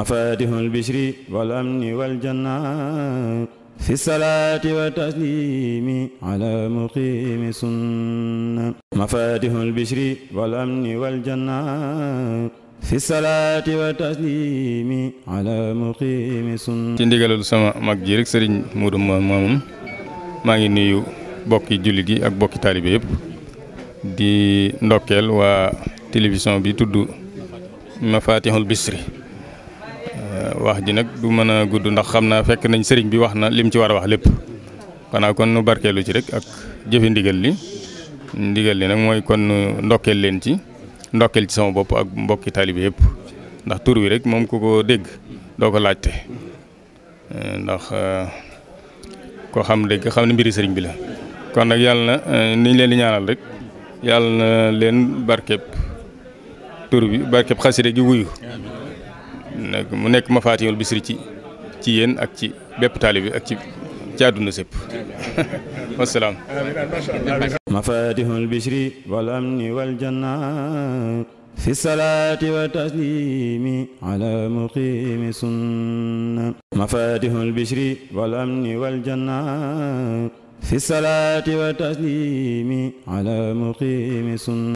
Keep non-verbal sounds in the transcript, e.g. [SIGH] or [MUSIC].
mafatihul bishri wal amni wal janna fi salaati wa taslimi ala muqimi sunna wa taslimi ala muqimi sunna ci ndigalul sama mag ji rek maa ngi nuyu bokki jullit yi ak bokki taalibe yëpp di ndokkeel waa télévision bi tudd Mafatihul Bichri wax ji nag du mën a gudd ndax xam naa fekk nañ sëriñ bi wax na lim ci war a wax lépp xanaa kon nu barkeelu ci rek ak jëfe ndigal li ndigal li nag mooy kon ndokkeel leen ci ndokkeel ci sama bopp ak mbokki taalibe yëpp ndax tur bi rek moom ku ko dégg doo ko laajte ndax euh, ko xam dégg xam ne mbiri sëriñ bi la kon nag yàlla na euh, niñ leen di ñaanal rek yàlla na leen barkeb tur bi barkeb xasida gi wuyu nag mu nekk mafaatihul bisri ci ci yéen ak ci bépp taalibe ak ci ci àdduna sépp [LAUGHS] wasalaam mafaatihul bisri wal amni wal janna fi salaati wa taslimi ala muqimi sunna mafaatihul bisri wal amni wal janna fi salaati wa taslimi ala muqimi sunna